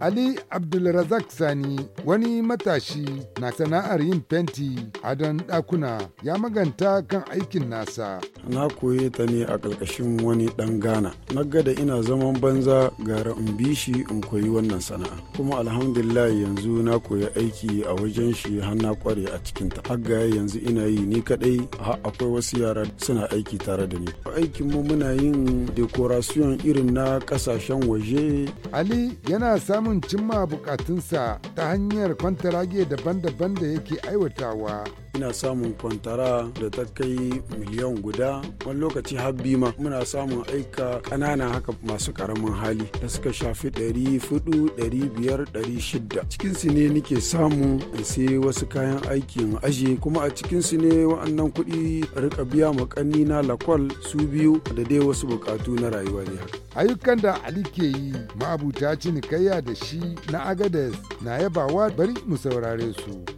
Ali Abdulrazak Sani wani matashi na sana'ar yin fenti a don ɗakuna ya maganta kan aikin nasa. Na koye ta ne a ƙarƙashin wani ɗan Ghana. Na gada ina zaman banza gara in bi shi in koyi wannan sana'a. Kuma alhamdulillah yanzu na koyi aiki a wajen shi har na kware a cikin ta. Hagga yanzu ina yi ni kaɗai har akwai wasu yara suna aiki tare da ni. Aikin mu muna yin dekorasiyon irin na ƙasashen waje. Ali yana samun samun cimma bukatunsa ta hanyar kwantarage daban-daban da yake aiwatawa. ina samun kwantara da ta kai miliyan guda wani lokaci har ma muna samun aika ƙanana haka masu ƙaramin hali da suka shafi ɗari fudu ɗari biyar ɗari shidda cikin su ne nike samu in sai wasu kayan aikin aji kuma a cikin su ne wa'annan kuɗi rika biya ma ƙanni na lakwal su biyu da dai wasu buƙatu na rayuwa ne ayyukan da ali ke yi ma'abuta cinikayya da shi na agades na yabawa bari mu saurare su.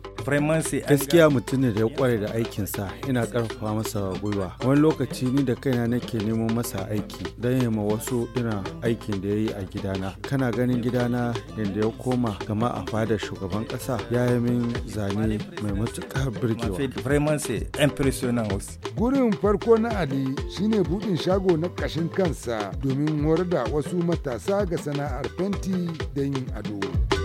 gaskiya mutum ne da ya kware da aikinsa ina karfafa masa gwiwa wani lokaci ni da kaina nake nemo masa aiki don ya ma wasu ina aikin da ya yi a gidana kana ganin gidana inda ya koma gama a fada shugaban kasa ya yi min zane mai matuƙar birgewa gurin farko na ali shine buɗin shago na ƙashin kansa domin horar da wasu matasa ga sana'ar fenti da yin ado.